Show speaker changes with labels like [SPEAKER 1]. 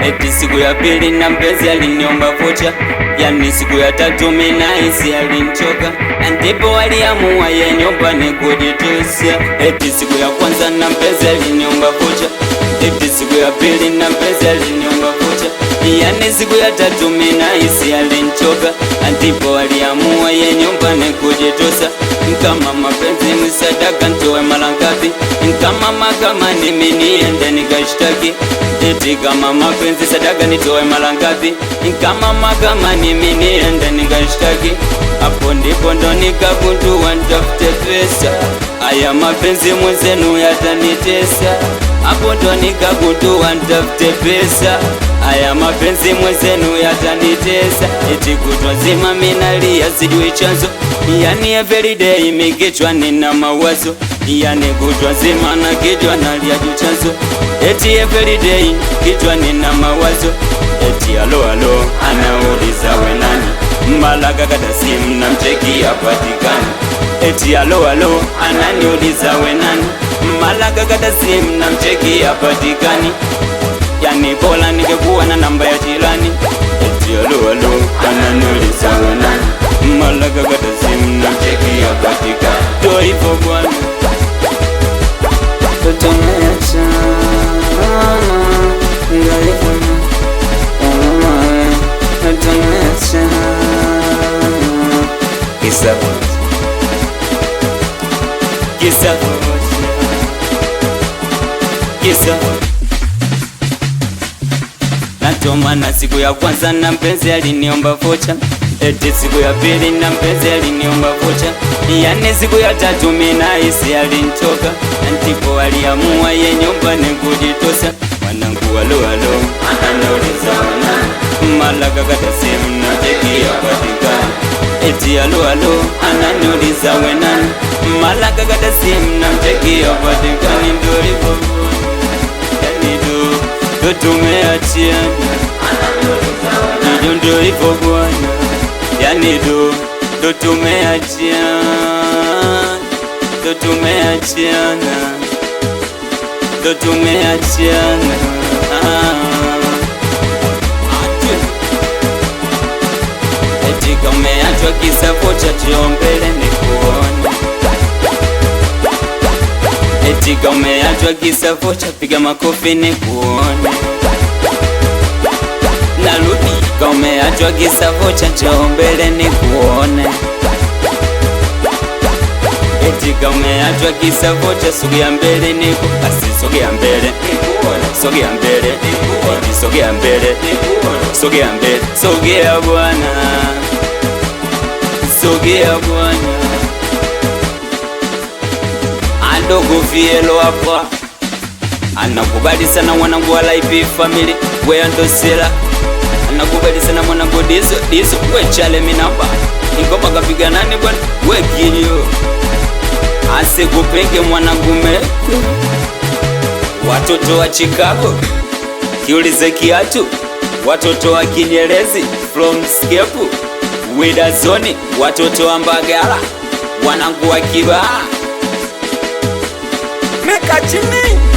[SPEAKER 1] Eti siku ya pili na mpenzi aliniomba vocha, yani siku ya tatu mimi nahisi alinichoka, na ndipo aliamua yeye ni kujitesa. Eti siku ya kwanza na mpenzi aliniomba vocha, eti siku ya pili na mpenzi aliniomba vocha, yani siku ya tatu mimi nahisi alinichoka, na ndipo aliamua yeye ni kujitesa. Kama mapenzi msadaka nitoe mara ngapi? kama makama nimenienda nikashtaki eti kama mapenzi sadaka nitoe mara ngapi? Kama makama nimenienda nikashtaki, hapo ndipo ndo nikagundua nitafute pesa, aya mapenzi mwenzenu yatanitesa. Hapo ndo nikagundua nitafute pesa, aya mapenzi mwenzenu yatanitesa. Eti kutwa nzima minalia sijui chanzo, yani everyday mikichwa nina mawazo negujwa zima na kichwa nalia juchazo, eti every day kichwa nina mawazo, eti alo alo anauliza we nani? Mbalaga kata simu ya patikani eti alo alo ananiuliza we nani? Mbalaga kata simu ya patikani yani bora nikekuwa na namba ya jirani, eti alo alo ananiuliza Kisah Kisah Kisah Natomana siku ya kwanza na mpenzi aliniomba vocha Eti siku ya pili na mpenzi aliniomba vocha Yani siku ya tatu mina hisi alinichoka Ndipo aliamua ye nyumba ni kujitosa Ati ya alo ananiuliza we nani? Mara kakata simu nampigia patikani, ndo hivyo yani ndo tumeachiana, ndo ndo hivyo bwana, yani ndo tumeachiana, ndo tumeachiana, ndo ah. tumeachiana Kisafo cha Chiombele nikuone, etika umeachwa kisafo cha piga makofi nikuone, narudi umeachwa kisafo cha Chiombele nikuone, etika umeachwa kisafo cha sogea mbele nikuone, basi sogea mbele nikuone, sogea mbele nikuone, sogea mbele nikuone, sogea mbele, sogea bwana Sogea Bwana, andogo vielo hapa anakubali sana mwanangu wa life family we andosela anakubali sana mwanangu dizo dizo we chale minamba ingoma kapiga nani bwana we kilio asikupenge mwanangu me watoto wa Chicago kiulize kiatu watoto wa Kinyerezi from Skepu wida zoni watoto wa Mbagala wanangu wa kibaa meka